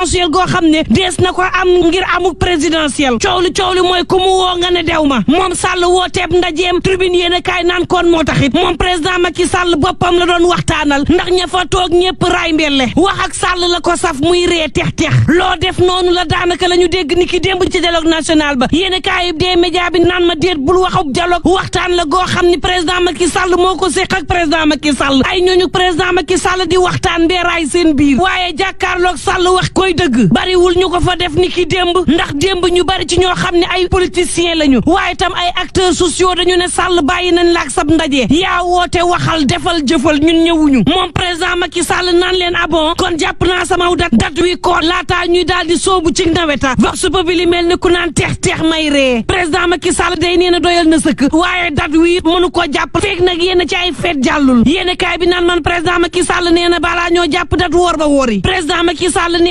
présidentiel goo xam ne dees na ko am ngir amuk présidentiel coow li coow li mooy ku mu woo nga ne dew ma moom Sall wooteeb ndajeem tribune yéen a kaay naan koon moo taxit moom président Macky Sall boppam la doon waxtaanal ndax ña fa toog ñëpp raay mbelle wax ak la ko saf muy ree tex tex loo def noonu la daanaka la ñu dégg ni ki démb ci dialogue national ba yéen a kaay dee média bi naan ma déet bul waxub dialogue waxtaan la goo xam ni président Macky Sall moo ko séq ak président Macky Sall ay ñooñu président Macky Sall di waxtaan bee raay seen biir waaye jàkkaarloog Sall wax koy mooy dëgg bariwul ñu ko fa def ni ki démb ndax démb ñu bari ci ñoo xam ne ay politiciens lañu waaye tam ay acteurs sociaux dañu ne Sall bàyyi nañ la ak sab ndaje yaa woote waxal defal jëfal ñun ñëwuñu moom président Macky sal naan leen abon ah kon jàpp naa sama dat dat wi ko laataa ñuy daal di soobu ci naweta vox populi mel ni ku naan teex teex may ree président Macky sal day nee na doyal na sëkk waaye dat wi mënu ko jàpp feeg nag yéen ci ay feet jàllul yéen kaay bi naan man président Macky nee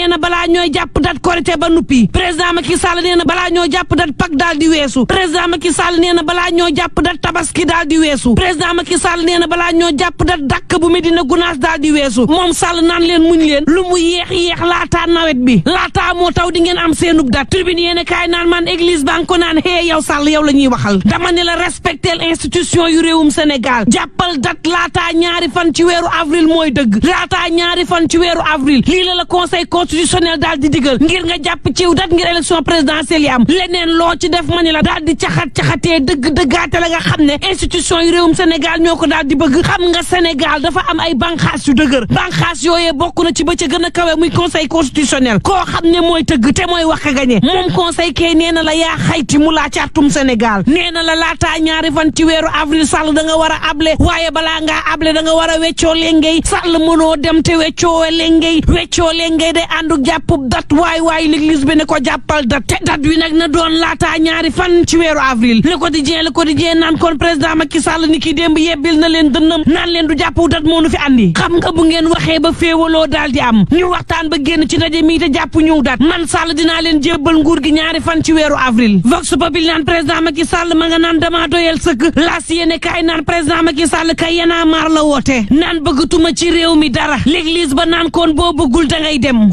na balaa balaa ñooy jàpp dat korité ba nuppi président Macky Sall nee na balaa ñoo jàpp dat pak daal di weesu président Macky nee na balaa ñoo jàpp dat tabaski daal di weesu président Macky Sall nee na balaa ñoo jàpp dat dàkk bu Medina Gunaas daal di weesu moom Sall naan leen mu leen lu mu yeex yeex laataa nawet bi laata moo taw di ngeen am seenub dat tribune yéen kaay naan man église baa ngi ko naan hee yow Sall yow la ñuy waxal dama ne la respecte institution yu réewum Sénégal jàppal dat laata ñaari fan ci weeru avril mooy dëgg laataa ñaari fan ci weeru avril lii la la conseil constitutionnel daal di digal ngir nga jàpp ciw dat ngir élection présidentielle yi am leneen loo ci def ma ni la daal di caxat caxatee dëgg dëggaate la nga xam ne institution yi réewum Sénégal ñoo ko di bëgg xam nga Sénégal dafa am ay banqaas yu dëgër banqaas yooyee bokk na ci ba ca gën a kawe muy conseil constitutionnel koo xam ne mooy tëgg te mooy wax a gañe moom conseil nee na la yaa xayti mu laa càttum Sénégal nee na la laataa ñaari fan ci weeru avril sal da nga war a able waaye balaa ngaa able da nga war a weccoo léngay sàll mënoo dem te weccoo léngay weccoo léngay day àndu jàppub dat waay waay l'église bi ne ko jàppal dat te dat wi nag na doon laataa ñaari fan ci weeru avril le quotidien le quotidien naan kon président Macky Sall ni ki démb yebbil na leen dënnam naan leen du jàppu dat moo nu fi andi xam nga bu ngeen waxee ba féewaloo daal di am ñu waxtaan ba génn ci ndaje mi te jàppu ñu dat man Sall dinaa leen jébbal nguur gi ñaari fan ci weeru avril vox populi naan président Macky Sall ma nga naan damaa doyal sëkk laas kay la woote ba naan kon boo bëggul da ngay dem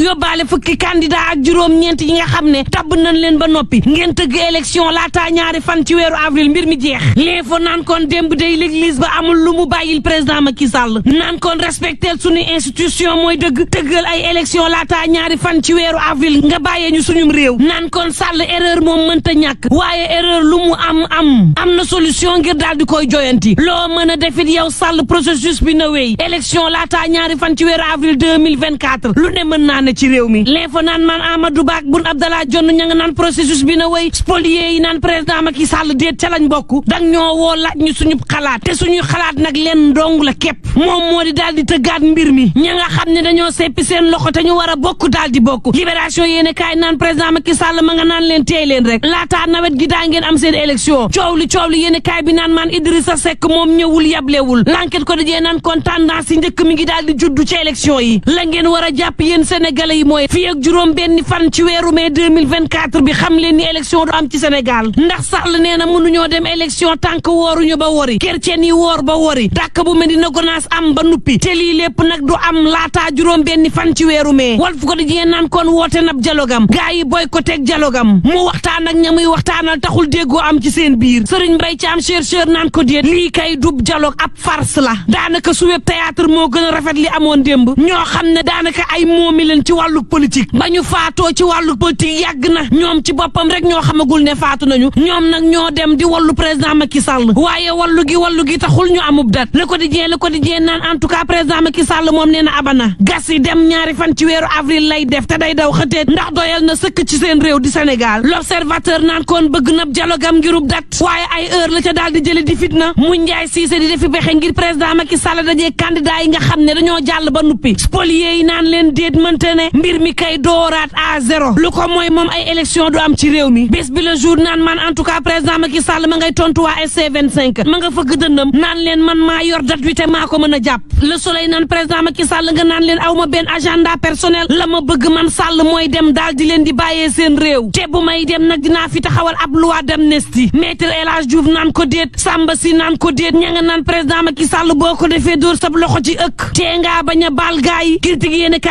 fukki candidat ak juróom-ñeent yi nga xam ne tabb nañ leen ba noppi ngeen tëgg élection laataa ñaari fan ci weeru avril mbir mi jeex l'info naan kon démb day l'église ba amul lu mu bàyyil président Macky sal naan kon respectel suñu institution mooy dëgg tëggal ay élection laata ñaari fan ci weeru avril nga bàyyee ñu suñum réew naan kon Sall erreur moom mënta ñàkk waaye erreur lu mu am am am na solution ngir daal di koy joyanti loo mën a defit yow Sall processus bi na wéy élection laataa ñaari fan ci weeru avril 2024 lu ne mën naa ne ci réew réew mi l'info naan man Amadou Ba ak Abdallah Dionne ña naan processus bi na wéy spolié yi naan président Macky Sall déet ca lañ dang ñoo woo laaj ñu suñu xalaat te suñuy xalaat nag leen dong la képp moom moo di daal di tëggaat mbir mi ña nga xam ne dañoo seppi seen loxo te ñu war a bokk daal di bokk libération yéene kaay naan Sall ma nga naan leen teey leen rek laataa nawet gi daa am seen élection coow li coow li yéene kaay bi naan a mooy fii juróom benn fan ci weeru mai 2024 bi xam leen ni élection du am ci Sénégal ndax Sall nee na mënuñoo dem élection tànk wooruñu ba wori kerceen yi woor ba wori dàkk bu Medina Gonaas am ba nuppi te lii lépp nag du am laataa juróom benn fan ci weeru mee wal mai Walf Quotidien naan kon woote nab dialogam gaa yi boycotté ak dialogam mu waxtaan ak ña muy waxtaanal taxul déggoo am ci seen biir Serigne Mbaye Thiam chercheur naan ko déet lii kay dub dialogue ab farce la daanaka su web moo gën a rafet li amoon démb ñoo xam ne ay ci wàllu politique ba ñu faatoo ci wàllu politique yàgg na ñoom ci boppam rek ñoo xamagul ne faatu nañu ñoom nag ñoo dem di wallu président Macky Sall waaye wallu gi wallu gi taxul ñu amub dat le quotidien le quotidien naan en tout cas président Macky Sall moom nee abana gas yi dem ñaari fan ci weeru avril lay def te day daw xëteet ndax doyal na sëkk ci seen réew di Sénégal l'observateur naan kon bëgg na dialogue am ngirub dat waaye ay heure la ca daal di jële di na mu njaay siise di pexe ngir président Macky Sall dajee candidat yi nga xam ne dañoo jàll ba nuppi spolier mbir mi kay dooraat à zéro lu ko mooy ay élection du am ci réew mi bés bi le jour naan man en tout cas président Macky Sall ma ngay tontu waa SC 25 ma nga fëgg dëndam naan leen man maa yor date bi te maa ko mën a jàpp le soleil naan ma Macky Sall nga naan leen aw ma benn agenda personnel la ma bëgg man Sall mooy dem daal di leen di bàyyee seen réew te bu may dem nag dinaa fi taxawal ab loi d'amnistie maître El Hadj Diouf naan ko déet Samba si naan ko déet ña nga naan président Macky Sall boo ko defee dóor sab loxo ci ëkk tee ngaa a baal gaay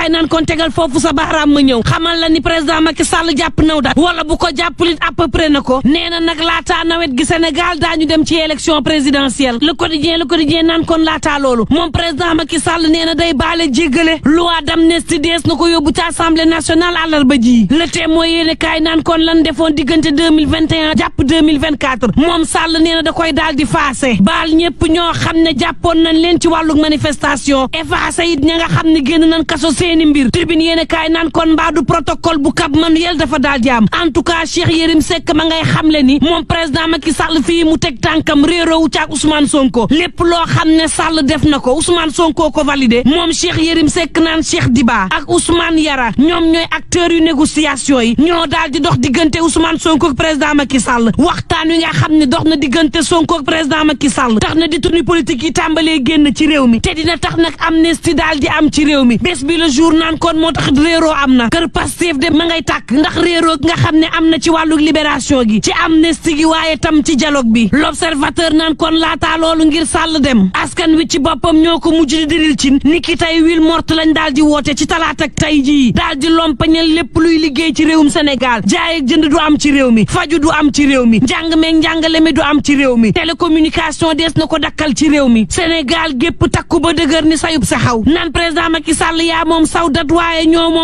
naan kon tegal foofu sa baaraam ma ñëw xamal la ni président Macky Sall jàpp naw daal wala bu ko jàppulit à peu na ko nee nag laataa nawet gi Sénégal daañu dem ci élection présidentielle le quotidien le quotidien naan kon laataa loolu moom président Macky Sall nee na day baale jéggale loi d'amnistie dees na ko yóbbu ci assemblée nationale àllarba ji le témoin yéene kaay naan kon lan defoon diggante 2021 jàpp 2024 moom Sall nee na da koy daal di faase baal ñëpp ñoo xam ne jàppoon nañ leen ci wàllu manifestation effacé it ña nga xam ne génn nañ kaay naan kon mbaadu protocole bu Cap Manuel dafa daal di am en tout cas Cheikh Yérim Seck ma ngay xamle ni moom président maki Sall fii mu teg tànkam réeroowu caak Ousmane Sonko lépp loo xam ne Sall def na ko Ousmane Sonko ko validé moom Cheikh Yérim Seck naan di ba ak Ousmane Yara ñoom ñooy acteurs yu négociation yi ñoo daal di dox diggante Ousmane Sonko ak président maki Sall waxtaan wi nga xam ne dox na diggante Sonko ak président Macky Sall tax na di tunu politique yi tàmbalee génn ci réew mi te dina tax nag amnistie daal di am ci réew mi réeroo am na kër Pastef de ma ngay tàkk ndax réeroo nga xam ne am na ci wàllu libération gi ci amnistie gi waaye tam ci dialogue bi l'observateur nan kon laataa loolu ngir sàll dem askan wi ci boppam ñoo ko mujj di diril ci ni ki tey wil mort lañ daal di woote ci talaat ak tey jii daal di lompañal lépp luy liggéey ci réewum Sénégal jaay jënd du am ci réew mi faju du am ci réew mi njàng meeg njàngale du am ci réew mi télécommunication dees na ko dakkal ci réew mi Sénégal gépp takku ba dëgër ni sayub saxaw naan président Macky Sall yaa moom saw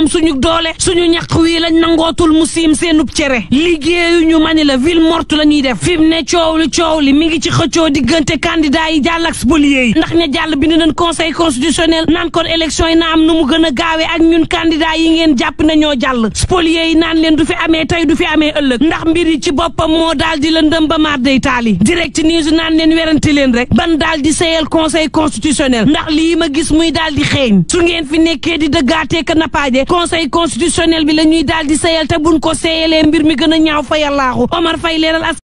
ñoom suñu doole suñu ñaq wii lañ nangootul mu siim seenub cere liggéeyu ñu mani la ville morte la ñuy def fi mu ne coow li coow li mi ngi ci xëccoo diggante candidat yi jàll ak spolié yi ndax ña jàll bi nañ conseil constitutionnel naan kon élection yi na nu mu gën a gaawee ak ñun candidat yi ngeen jàpp na ñoo jàll spolié yi naan leen du fi ame tey du fi amee ëllëg ndax mbir yi ci boppam moo daal di lëndëm ba maar day taal yi direct news naan leen werante leen rek ban daal di seyal conseil constitutionnel ndax lii ma gis muy daal di xeeñ su nekkee di dëggaatee ka loolee conseil constitutionnel bi la ñuy daal di sayal te buñ ko seeyalee mbir mi gën a ñaaw fa yàllaaxu Omar fay leeral